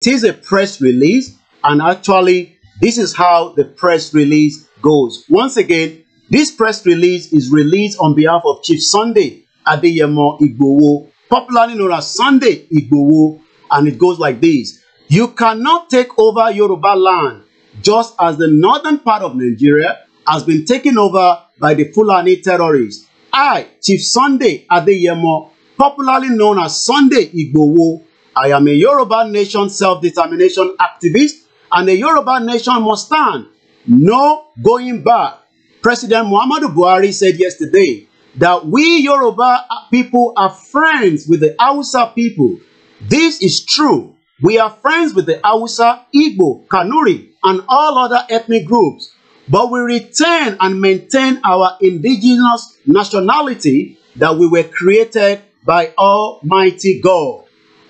It is a press release, and actually, this is how the press release goes. Once again, this press release is released on behalf of Chief Sunday Adeyemo Igbowo, popularly known as Sunday Igbowo, and it goes like this. You cannot take over Yoruba land just as the northern part of Nigeria has been taken over by the Fulani terrorists. I, Chief Sunday Adeyemo, popularly known as Sunday Igbowo, I am a Yoruba Nation self-determination activist and a Yoruba nation must stand. No going back. President Muhammadu Buhari said yesterday that we Yoruba people are friends with the Hausa people. This is true. We are friends with the Hausa, Igbo, Kanuri, and all other ethnic groups, but we retain and maintain our indigenous nationality that we were created by Almighty God.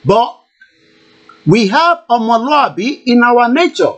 But we have Omoluabi in our nature.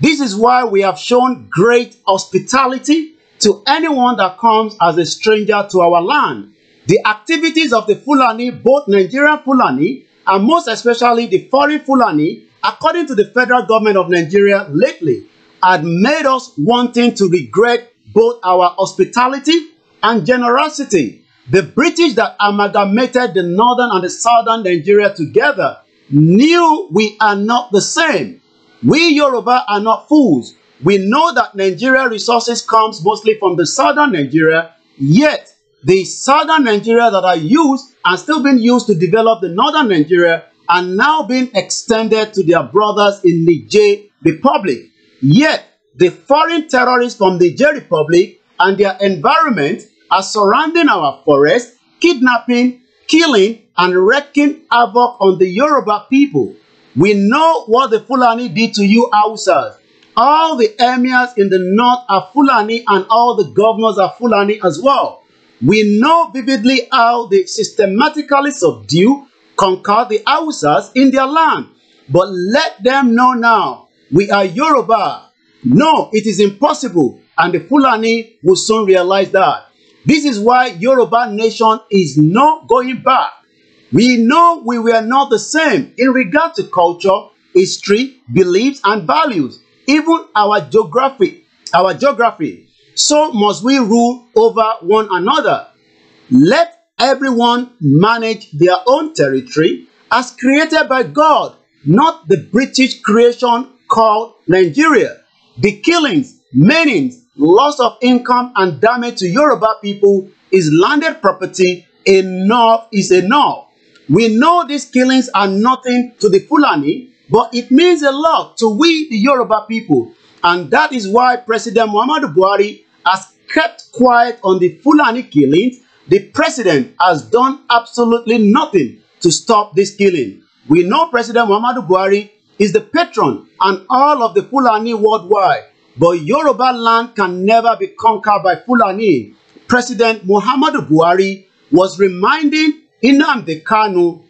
This is why we have shown great hospitality to anyone that comes as a stranger to our land. The activities of the Fulani, both Nigerian Fulani and most especially the foreign Fulani, according to the federal government of Nigeria lately, had made us wanting to regret both our hospitality and generosity. The British that amalgamated the northern and the southern Nigeria together knew we are not the same. We Yoruba are not fools. We know that Nigeria resources comes mostly from the southern Nigeria, yet the southern Nigeria that are used are still being used to develop the northern Nigeria are now being extended to their brothers in Niger Republic. Yet, the foreign terrorists from the Niger Republic and their environment are surrounding our forests, kidnapping, killing, and wreaking havoc on the Yoruba people. We know what the Fulani did to you Hausas. All the emirs in the north are Fulani and all the governors are Fulani as well. We know vividly how they systematically subdue, conquer the Hausas in their land. But let them know now, we are Yoruba. No, it is impossible and the Fulani will soon realize that. This is why Yoruba nation is not going back. We know we were not the same in regard to culture, history, beliefs, and values, even our geography, our geography. So must we rule over one another. Let everyone manage their own territory as created by God, not the British creation called Nigeria. The killings, maimings, loss of income, and damage to Yoruba people is landed property. Enough is enough. We know these killings are nothing to the Fulani, but it means a lot to we, the Yoruba people. And that is why President Muhammadu Buhari has kept quiet on the Fulani killings. The president has done absolutely nothing to stop this killing. We know President Muhammadu Buhari is the patron and all of the Fulani worldwide. But Yoruba land can never be conquered by Fulani. President Muhammadu Buhari was reminding the Kanu,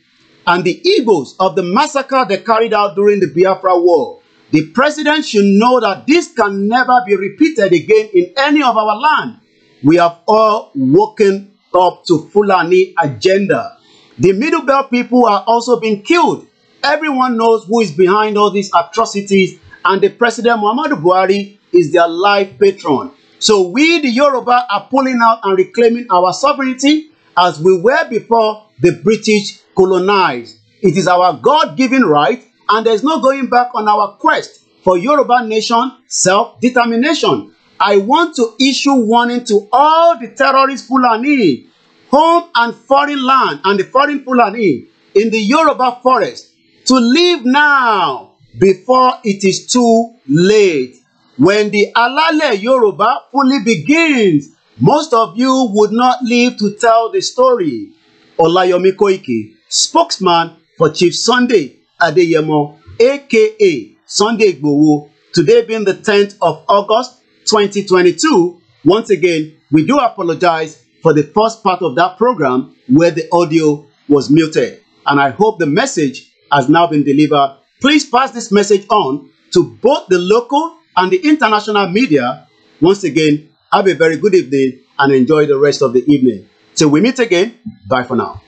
and the evils of the massacre they carried out during the Biafra War, the president should know that this can never be repeated again in any of our land. We have all woken up to Fulani agenda. The Middle Belt people are also being killed. Everyone knows who is behind all these atrocities and the president Muhammadu Buhari is their life patron. So we, the Yoruba, are pulling out and reclaiming our sovereignty as we were before the British colonized. It is our God given right, and there's no going back on our quest for Yoruba nation self determination. I want to issue warning to all the terrorist Fulani, home and foreign land, and the foreign Fulani in the Yoruba forest to leave now before it is too late. When the Alale Yoruba fully begins Most of you would not live to tell the story. Olayomi Koike, spokesman for Chief Sunday Adeyemo, aka Sunday Igbowo, today being the 10th of August 2022. Once again, we do apologize for the first part of that program where the audio was muted. And I hope the message has now been delivered. Please pass this message on to both the local and the international media. Once again, have a very good evening and enjoy the rest of the evening. Till we meet again, bye for now.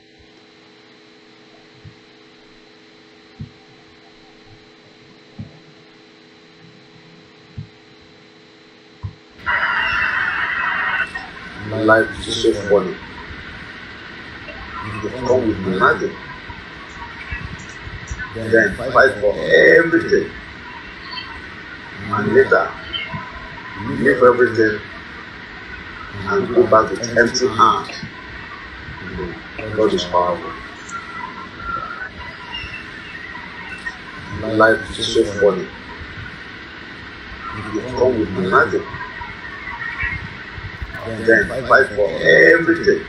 Life is so funny. you come with nothing, then fight for everything. And later, leave everything and go back with empty hand. God is powerful. Life is so funny. You come with nothing. Then fight for everything.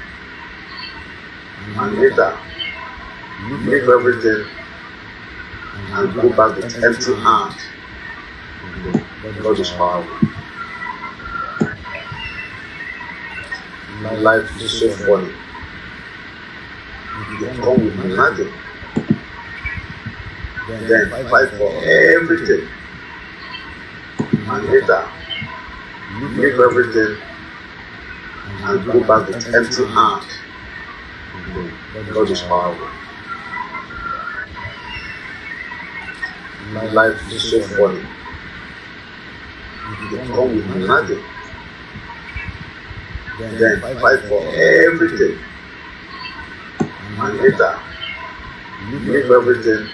And later, leave everything and go back with empty hands. God is powerful. my life is so funny. You come with nothing. Then fight for everything. And later, leave everything and go back with empty hand. God is powerful. My life is so funny. You come with nothing then, then fight, fight for everything. And later, leave everything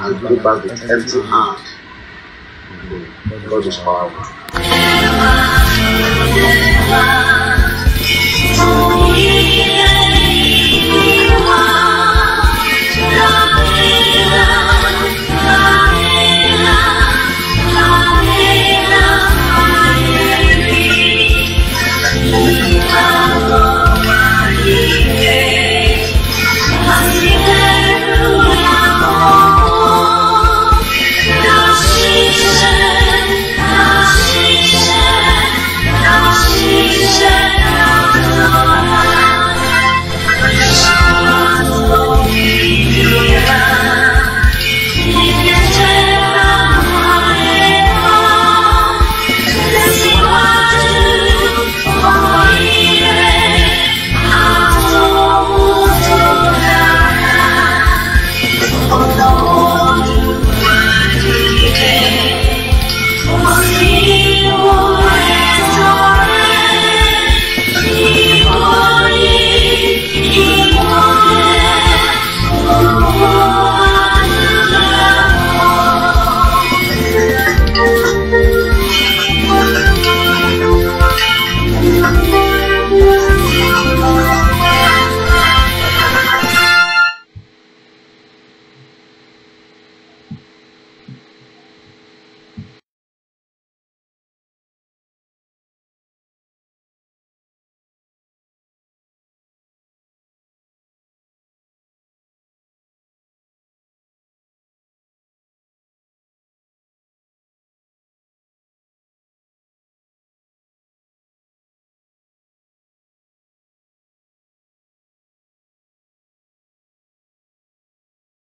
and go back with empty hand. God is powerful.